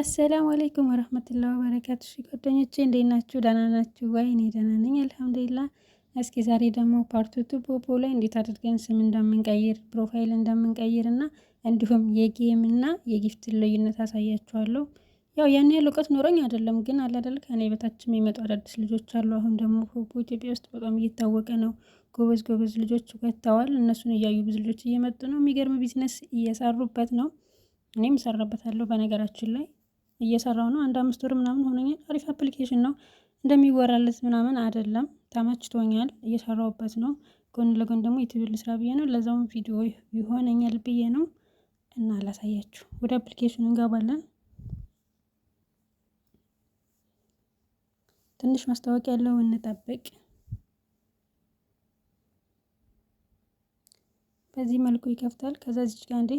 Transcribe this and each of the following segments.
አሰላሙ አለይኩም ወረህመቱላሂ ወበረካቱ። ጓደኞቼ እንዴት ናችሁ? ደህና ናችሁ ወይ? እኔ ደህና ነኝ አልሐምዱሊላህ። እስኪ ዛሬ ደግሞ ፓርቱቱ ቦቦ ላይ እንዴት አድርገን ስም እንደምንቀይር ፕሮፋይል እንደምንቀይር እና እንዲሁም የጌም እና የጊፍት ልዩነት አሳያችኋለሁ። ያው ያን ያህል እውቀት ኖረኝ አይደለም፣ ግን አለ አይደል በታችም የመጡ አዳዲስ ልጆች አሉ። አሁን ደግሞ ቦቦ ኢትዮጵያ ውስጥ በጣም እየታወቀ ነው። ጎበዝ ጎበዝ ልጆች ወጥተዋል። እነሱን እያዩ ብዙ ልጆች እየመጡ ነው። የሚገርም ቢዝነስ እየሰሩበት ነው። እኔም እሰራበታለሁ በነገራችን ላይ እየሰራው ነው። አንድ አምስት ወር ምናምን ሆኖኛል። አሪፍ አፕሊኬሽን ነው እንደሚወራለት ምናምን አይደለም። ተመችቶኛል፣ እየሰራውበት ነው። ጎን ለጎን ደግሞ ዩቲዩብ ልስራ ብዬ ነው። ለዛውም ቪዲዮ ይሆነኛል ብዬ ነው እና ላሳያችሁ። ወደ አፕሊኬሽኑ እንገባለን። ትንሽ ማስታወቂያ ያለው እንጠብቅ። በዚህ መልኩ ይከፍታል። ከዛ ዚች ጋር እንዴ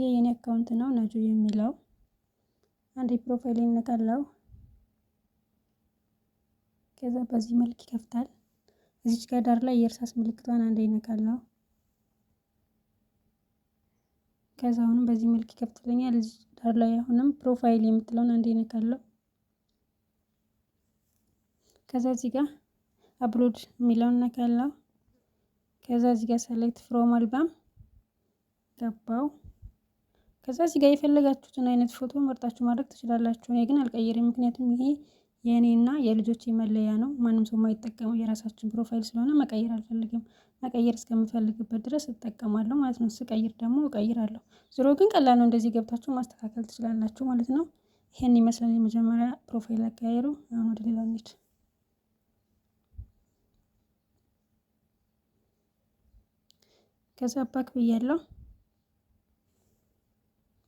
ይህ የኔ አካውንት ነው ነጁ የሚለው አንድ ፕሮፋይል እነካለሁ። ከዛ በዚህ መልክ ይከፍታል። እዚች ጋር ዳር ላይ የእርሳስ ምልክቷን አንድ እነካለሁ። ከዛ አሁንም በዚህ መልክ ይከፍትልኛል። እዚች ዳር ላይ አሁንም ፕሮፋይል የምትለውን አንድ እነካለሁ። ከዛ እዚህ ጋር አብሮድ የሚለውን እነካለሁ። ከዛ እዚህ ጋር ሰሌክት ፍሮም አልበም ገባው። ከዛ እዚህ ጋር የፈለጋችሁትን አይነት ፎቶ መርጣችሁ ማድረግ ትችላላችሁ። እኔ ግን አልቀይርም፣ ምክንያቱም ይሄ የእኔና የልጆቼ መለያ ነው። ማንም ሰው የማይጠቀመው የራሳችን ፕሮፋይል ስለሆነ መቀየር አልፈልግም። መቀየር እስከምፈልግበት ድረስ እጠቀማለሁ ማለት ነው። ስቀይር ደግሞ እቀይራለሁ። ዞሮ ግን ቀላል ነው። እንደዚህ ገብታችሁ ማስተካከል ትችላላችሁ ማለት ነው። ይሄን ይመስላል የመጀመሪያ ፕሮፋይል አቀያየሩ። አሁን ወደ ሌላ እንሂድ። ከዛ ባክ ብያለሁ።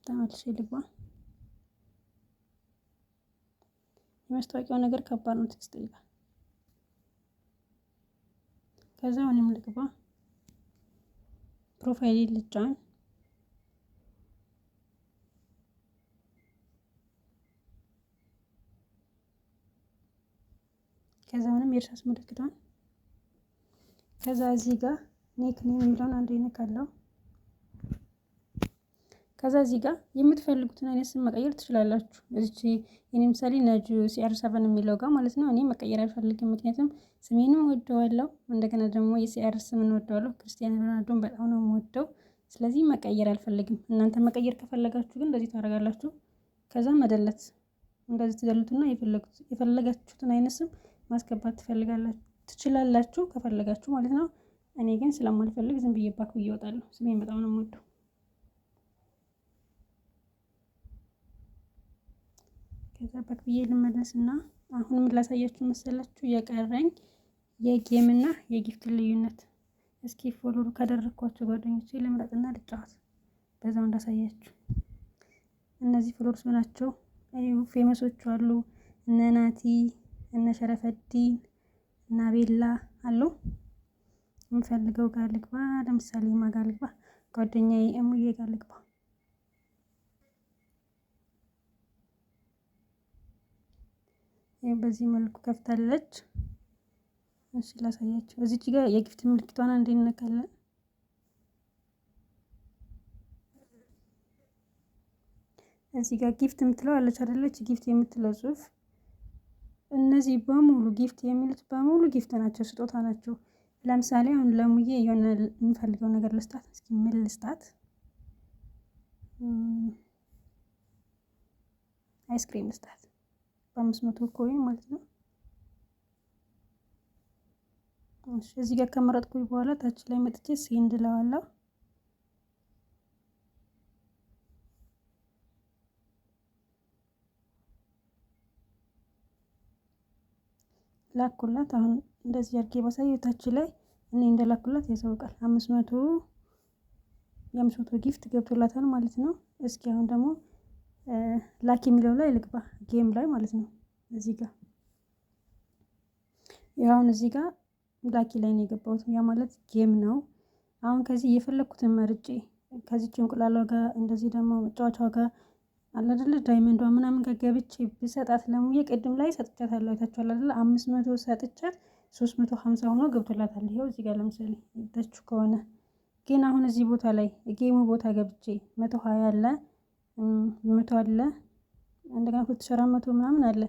ተመልሼ ልግባ። የማስታወቂያው ነገር ከባድ ነው። ቴክስት ከዛ አሁንም ልግባ፣ ፕሮፋይል ልጫን። ከዛ አሁንም የእርሳስ ምልክቷን ከዛ እዚህ ጋር ኔክ ኔም የሚለውን አንድ ይነካለው። ከዛ እዚህ ጋር የምትፈልጉትን አይነት ስም መቀየር ትችላላችሁ። እዚች የኔ ምሳሌ ነጁ ሲአር ሰቨን የሚለው ጋር ማለት ነው። እኔ መቀየር አልፈልግም፣ ምክንያቱም ስሜንም ወደዋለው እንደገና ደግሞ የሲአር ስምን ወደዋለሁ። ክርስቲያን ሮናልዶን በጣም ነው ወደው ስለዚህ መቀየር አልፈልግም። እናንተ መቀየር ከፈለጋችሁ ግን እንደዚህ ታደርጋላችሁ። ከዛ መደለት እንደዚህ ትደሉትና የፈለጋችሁትን አይነት ስም ማስገባት ትችላላችሁ ከፈለጋችሁ ማለት ነው። እኔ ግን ስለማልፈልግ ዝም ብዬ ባክ ብዬ እወጣለሁ። ስሜን በጣም ነው የምወደው። ገዛበት ብዬ ልመለስ እና አሁን ምን ላሳያችሁ መሰላችሁ የቀረኝ የጌም እና የጊፍት ልዩነት። እስኪ ፎሎ ካደረግኳቸው ጓደኞቼ ልምረጥና ልጫወት በዛው እንዳሳያችሁ። እነዚህ ፎሎርስ ምናቸው ፌመሶቹ አሉ እነ ናቲ እነ ሸረፈዲን እና ቤላ አሉ። የምፈልገው ጋር ልግባ፣ ለምሳሌ ማ ጋር ልግባ፣ ጓደኛዬ እሙዬ ጋር ልግባ በዚህ መልኩ ከፍታለች። እሺ ላሳያችሁ። እዚች ጋ የጊፍት ምልክቷን አንዴ እንነካለን። እዚህ ጋር ጊፍት የምትለው አለች አይደለች? ጊፍት የምትለው ጽሁፍ እነዚህ በሙሉ ጊፍት የሚሉት በሙሉ ጊፍት ናቸው፣ ስጦታ ናቸው። ለምሳሌ አሁን ለሙዬ የሆነ የምፈልገው ነገር ልስጣት። እስኪ ምን ልስጣት? አይስክሪም ልስጣት። በአምስት መቶ ኮይን ማለት ነው። እዚህ ጋር ከመረጥኩኝ በኋላ ታች ላይ መጥቼ ሴንድ እለዋለሁ። ላኩላት። አሁን እንደዚህ አድርጌ ባሳየው ታች ላይ እኔ እንደላኩላት ያሳውቃል። አምስት መቶ የአምስት መቶ ጊፍት ገብቶላታል ማለት ነው። እስኪ አሁን ደግሞ ላኪ የሚለው ላይ ልግባ ጌም ላይ ማለት ነው። እዚህ ጋር ያሁን እዚህ ጋር ላኪ ላይ ነው የገባሁት። ያ ማለት ጌም ነው። አሁን ከዚህ የፈለግኩትን መርጬ ከዚች እንቁላሏ ጋር እንደዚህ ደግሞ መጫወቻዋ ጋር አላደለ ዳይመንዷ ምናምን ጋር ገብቼ ብሰጣት ለሙዬ ቅድም ላይ ሰጥቻት አይታችኋል አይደለ? አምስት መቶ ሰጥቻት ሶስት መቶ ሀምሳ ሆኖ ገብቶላታል። ይኸው እዚህ ጋር ለምሳሌ ታችሁ ከሆነ ግን አሁን እዚህ ቦታ ላይ ጌሙ ቦታ ገብቼ መቶ ሀያ አለ መቶ አለ እንደገና ሁለት ሺህ አራት መቶ ምናምን አለ።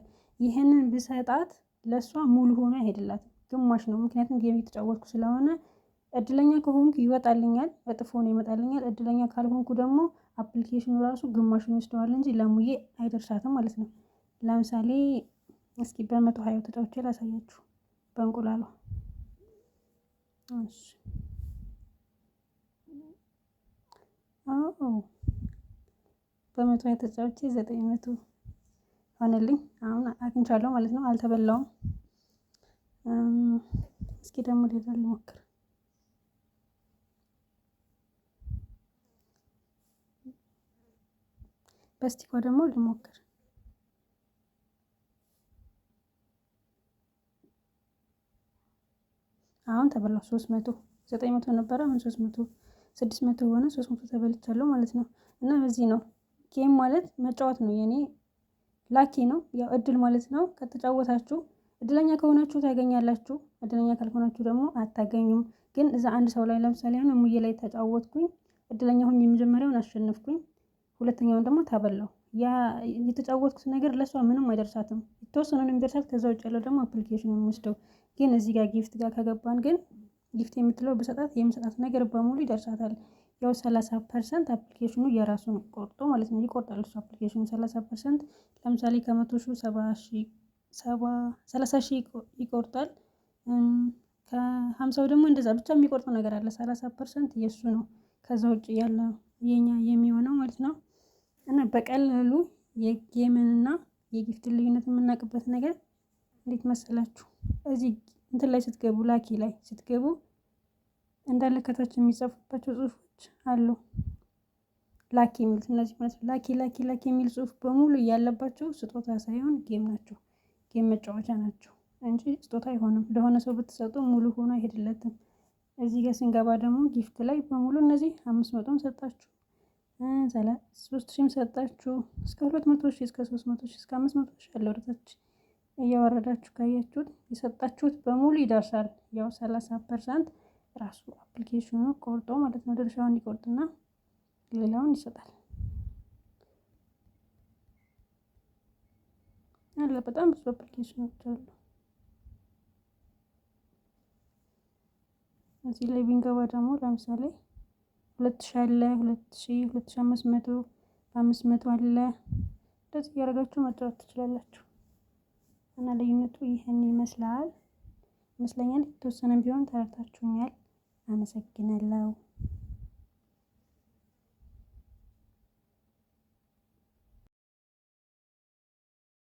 ይህንን ብሰጣት ለእሷ ሙሉ ሆኖ አይሄድላትም፣ ግማሽ ነው። ምክንያቱም ጌም እየተጫወትኩ ስለሆነ እድለኛ ከሆንኩ ይወጣልኛል፣ እጥፍ ነው ይመጣልኛል። እድለኛ ካልሆንኩ ደግሞ አፕሊኬሽኑ ራሱ ግማሹን ይወስደዋል እንጂ ለሙዬ አይደርሳትም ማለት ነው። ለምሳሌ እስኪ በመቶ ሀያው ተጫውቼ ላሳያችሁ በእንቁላሏ አዎ በመቶ ተጫውቼ ዘጠኝ መቶ ሆነልኝ። አሁን አግኝቻለሁ ማለት ነው። አልተበላውም። እስኪ ደግሞ ሌላ ልሞክር። በስቲኮ ደግሞ ልሞክር። አሁን ተበላው። ሶስት መቶ ዘጠኝ መቶ ነበረ። አሁን ሶስት መቶ ስድስት መቶ ሆነ። ሶስት መቶ ተበልቻለሁ ማለት ነው። እና በዚህ ነው ጌም ማለት መጫወት ነው። የኔ ላኪ ነው ያው እድል ማለት ነው። ከተጫወታችሁ እድለኛ ከሆናችሁ ታገኛላችሁ፣ እድለኛ ካልሆናችሁ ደግሞ አታገኙም። ግን እዛ አንድ ሰው ላይ ለምሳሌ አሁን ሙዬ ላይ ተጫወትኩኝ፣ እድለኛ ሁኝ፣ የመጀመሪያውን አሸነፍኩኝ፣ ሁለተኛውን ደግሞ ታበላው። ያ የተጫወትኩት ነገር ለእሷ ምንም አይደርሳትም፣ የተወሰነ ነው የሚደርሳት። ከዛ ውጭ ያለው ደግሞ አፕሊኬሽን የሚወስደው ግን እዚህ ጋር ጊፍት ጋር ከገባን ግን ጊፍት የምትለው ብሰጣት የምሰጣት ነገር በሙሉ ይደርሳታል። ያው 30 ፐርሰንት አፕሊኬሽኑ የራሱ ነው ቆርጦ ማለት ነው ይቆርጣል። እሱ አፕሊኬሽኑ 30 ፐርሰንት ለምሳሌ ከመቶ ሺህ ሰላሳ ሺህ ይቆርጣል። ከሀምሳው ደግሞ እንደዛ ብቻ የሚቆርጠው ነገር አለ። 30 ፐርሰንት የእሱ ነው። ከዛ ውጭ ያለ የኛ የሚሆነው ማለት ነው እና በቀላሉ የጌምንና የጊፍት ልዩነት የምናውቅበት ነገር እንዴት መሰላችሁ? እዚህ እንትን ላይ ስትገቡ ላኪ ላይ ስትገቡ እንዳለ ከታች የሚጻፉባቸው ጽሁፎች አሉ። ላኪ የሚሉት እነዚህ ማለት ነው። ላኪ ላኪ ላኪ የሚል ጽሁፍ በሙሉ ያለባቸው ስጦታ ሳይሆን ጌም ናቸው፣ ጌም መጫወቻ ናቸው እንጂ ስጦታ አይሆንም። ለሆነ ሰው ብትሰጡ ሙሉ ሆኖ አይሄድለትም። እዚህ ጋር ስንገባ ደግሞ ጊፍት ላይ በሙሉ እነዚህ አምስት መቶም ሰጣችሁ፣ ሶስት ሺም ሰጣችሁ፣ እስከ ሁለት መቶ ሺ እስከ ሶስት መቶ ሺ እስከ አምስት መቶ ሺ ያለ ወደታች እያወረዳችሁ ካያችሁት የሰጣችሁት በሙሉ ይደርሳል። ያው ሰላሳ ፐርሰንት ራሱ አፕሊኬሽኑ ቆርጦ ማለት ነው ድርሻውን ይቆርጥና ሌላውን ይሰጣል። አለ በጣም ብዙ አፕሊኬሽኖች አሉ። እዚህ ላይ ቢንገባ ደግሞ ለምሳሌ ሁለት ሺ አለ ሁለት ሺ ሁለት ሺ አምስት መቶ አምስት መቶ አለ እንደዚህ እያደረጋችሁ መጫወት ትችላላችሁ። እና ልዩነቱ ይህን ይመስላል ይመስለኛል። የተወሰነ ቢሆን ተረድታችሁኛል። አመሰግናለሁ።